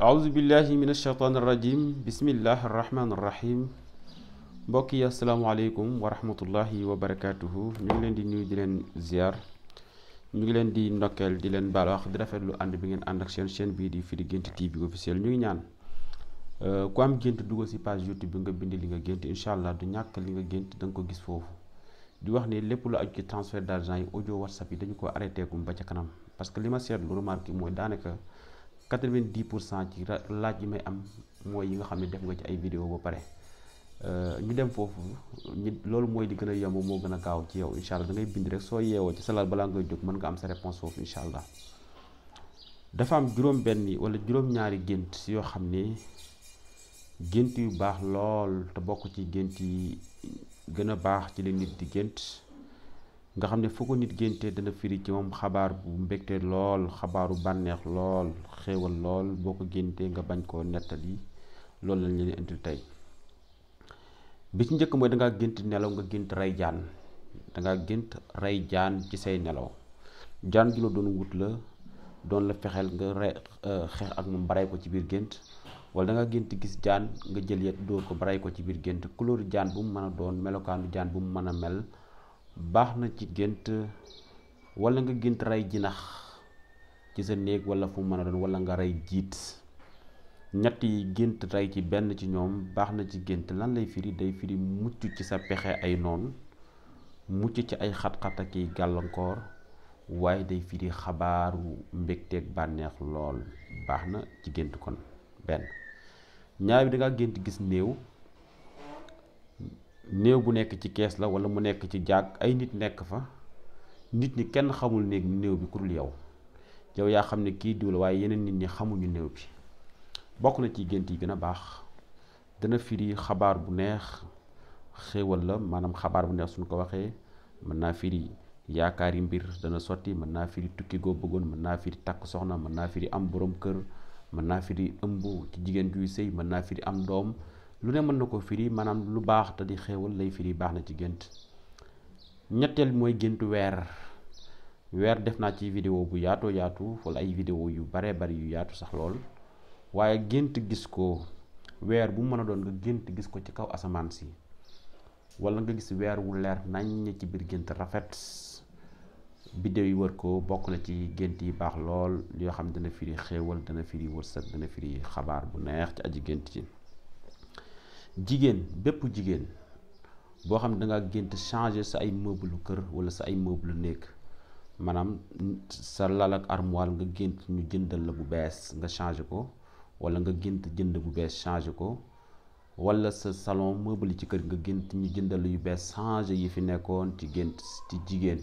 aouzu billahi min ashaytaan irrajim bismillahi arrahmani irrahim mbokk yi asalaamaaleykum wa rahmatullahi wa barakatuhu ñu ngi leen di nuyu di leen ziar ñu ngi leen di ndokkeel di leen baal wax di rafetlu ànd bi ngeen ànd ak seen chaîne bii di Firi Guent TV officiel ñu ngi ñaan euh, ku am gént dugal ci page youtube bi nga bind li nga gént incha allah du ñàkk li nga gént danga ko gis foofu di wax ne lépp lu aju ci transfert d'argent yi audio whatsapp yi dañu ko arrêté gum ba ca kanam parce que li ma seetlu remarque mooy daanaka 90 pour cent ci laaj yi may am mooy yi nga xam ne def nga ci ay vidéo ba pare euh, ñu dem foofu ñu loolu mooy di gën a yomb moo gën a gaaw ci yow incha allah da ngay bind rek soo yeewoo ci sa laal balaa ngay jóg mën nga am sa réponse foofu incha allah dafa am juróom-benn wala juróom-ñaari gént yoo xam ne gént yu baax lool te bokk ci gént yi gën a baax ci li nit di gént. nga xam ne foo ko nit génte dana firi ci moom xabaar bu mbégte lool xabaaru bànneex lool xéewal lool boo ko génte nga bañ koo nettali loolu lañ leen indil tey bi ci njëkk mooy danga gént nelaw nga gént rey jaan danga gént rey jaan ci say nelaw jaan ju la doon wut la doon la fexeel nga rey euh, xeex ak moom barey ko ci biir gént wala da nga gént gis jaan nga jël yet dóor ko barey ko ci biir gént couleur jaan bu mu mën a doon melokaanu jaan bu mu mën a mel baax na ci gént walla nga gént rey jinax ci sa néeg wala fu mën a doon wala nga rey jiit ñett yi gént rey ci benn ci ñoom baax na ci gént lan lay firi day firi mucc ci sa pexe ay noon mucc ci ay xat-xat gàllankoor waaye day firi xabaaru mbégteeg bànneex lool baax na ci gént kon benn ñaar bi da gént gis néew néew bu nekk ci kees la wala mu nekk ci jàkk ay nit nekk fa nit ñi kenn xamul néeg néew bi ku dul yow yow yaa xam ne kii diw la waaye yeneen nit ñi xamuñu néew bi bokk na ci gént yi gën a baax dana firi xabaar bu neex xéewal la maanaam xabaar bu neex suñ ko waxee mën naa firi yaakaar yi mbir dana sotti mën naa firi tukki goo bëggoon mën naa firi takk soxna mën naa firi am boroom kër mën naa firi ëmb ci jigéen juy sëy mën naa firi am doom lu ne mën na ko firi maanaam lu baax te di xéewal lay firi baax na ci gént ñetteel mooy géntu weer weer def naa ci vidéo bu yaatoo yaatu wala ay vidéo yu baree bari yu yaatu sax lool waaye gént gis ko weer bu mën a doon nga gént gis ko ci kaw asamaan si wala nga gis weer wu leer naññ ci biir gént rafet biddéew yi wër ko bokk na ci gént yi baax lool yoo xam dana firi xéewal dana firi wërsëg dana firi xabaar bu neex ci aji gént ci jigéen bépp jigéen boo xam ne da gént changer sa ay meuble kër wala sa ay meuble néeg maanaam sa lal armoil nga gént ñu jëndal la bu bees nga changer ko wala nga gént jënd bu bees changer ko wala sa salon meuble ci kër nga gént ñu jëndal yu bees changer yi fi nekkoon ci gént ci jigéen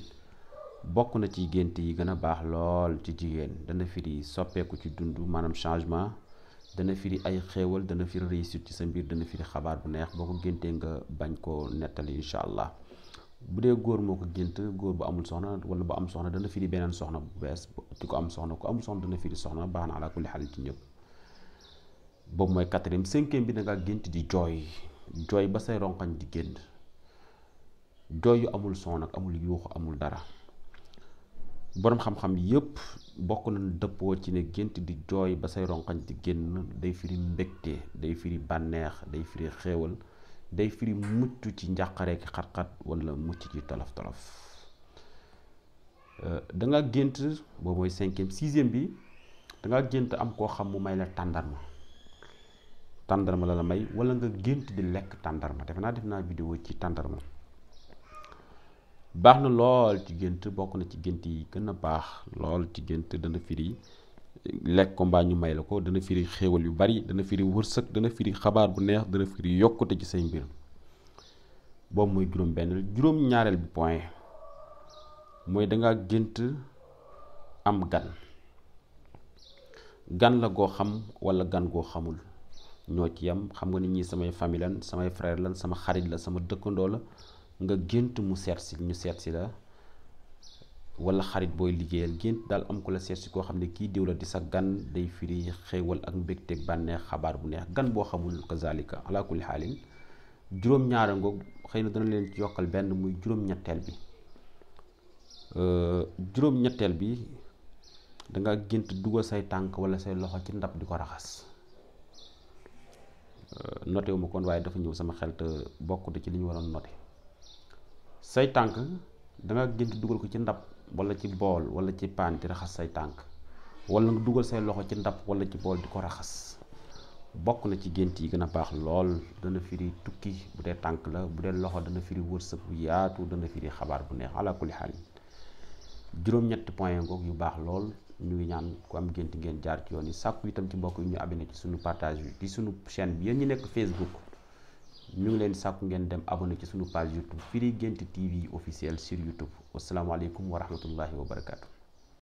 bokk na ci gént yi gën a baax lool ci jigéen dana firi soppeeku ci dund maanaam changement dana firi ay xéewal dana firi réussite ci sa mbir dana firi xabaar bu neex boo ko géntee nga bañ koo nettali incha allah bu dee góor moo ko gént góor bu amul soxna wala bu am soxna dana firi beneen soxna bu bees ci ko am soxna ku amul soxna dana firi soxna baax na ala kulli xaal ci ñëpp boobu mooy quatrième cinquième bi da ngaa gént di jooy jooy ba say ronqañ di génn jooy yu amul soxna amul yuuxu amul dara boroom xam-xam yépp bokk nañ dëppoo ci ne gént di jooy ba say ronqañ di génn day firi mbégte day firi bànneex day firi xéewal day firi mucc ci njàqareeki xat-xat wala mucc ci tolof-tolof euh, da nga gént boobu mooy cinquième sixième bi da nga gént am koo xam mu may la tàndarma tàndarma la la may wala nga gént di lekk tàndarma defe naa def naa vidéo ci tàndarma baax na lool ci gént bokk na ci gént yi gën a baax lool ci gént dana firi lekk ko mbaa may la ko dana firi xéewal yu bari dana firi wërsëg dana firi xabaar bu neex dana firi yokkute ci say mbir boobu mooy juróom benn juróom ñaareel bi point mooy danga gént am gan gan la goo xam walla gan goo xamul ñoo ci yam xam nga nit ñi samay famille lan samay frère lan sama xarit la sama dëkkandoo la nga gént mu seet si ñu seet si la wala xarit booy liggéeyal gént daal am ku la seet koo xam ne kii diw la di sa gan day firi xéewal ak mbégte bànneex xabaar bu neex gan boo xamul kazalika ala kulli xaalin juróom-ñaara ngoog xëy na dana leen ci yokkal benn muy juróom-ñetteel bi euh, juróom-ñetteel bi danga nga gént dugal say tànk wala say loxo ci ndab di ko raxas euh, noté ma kon waaye dafa ñëw sama xel te bokk ci li ñu waroon noté say tànk da nga gént dugal ko ci ndab wala ci bool wala ci paan di raxas say tànk wala dugal say loxo ci ndab wala ci bool di ko raxas bokk na ci gént yi gën a baax lool dana firi tukki bu dee tànk la bu dee loxo dana firi wërsëg bu yaatu dana firi xabaar bu neex ala kulli xaal juróom-ñetti point ngoog yu baax lool ñu ngi ñaan ku am gént ngeen jaar ci yoon yi sàkku itam ci bokk yi ñu abonné ci suñu partage bi ci suñu chaîne bi yéen ñi nekk Facebook ñu ngi leen sàkku ngeen dem abonné ci suñu page YouTube Firi Guent TV officiel sur YouTube asalaamaaleykum wa rahmatullahi wa barakaatu.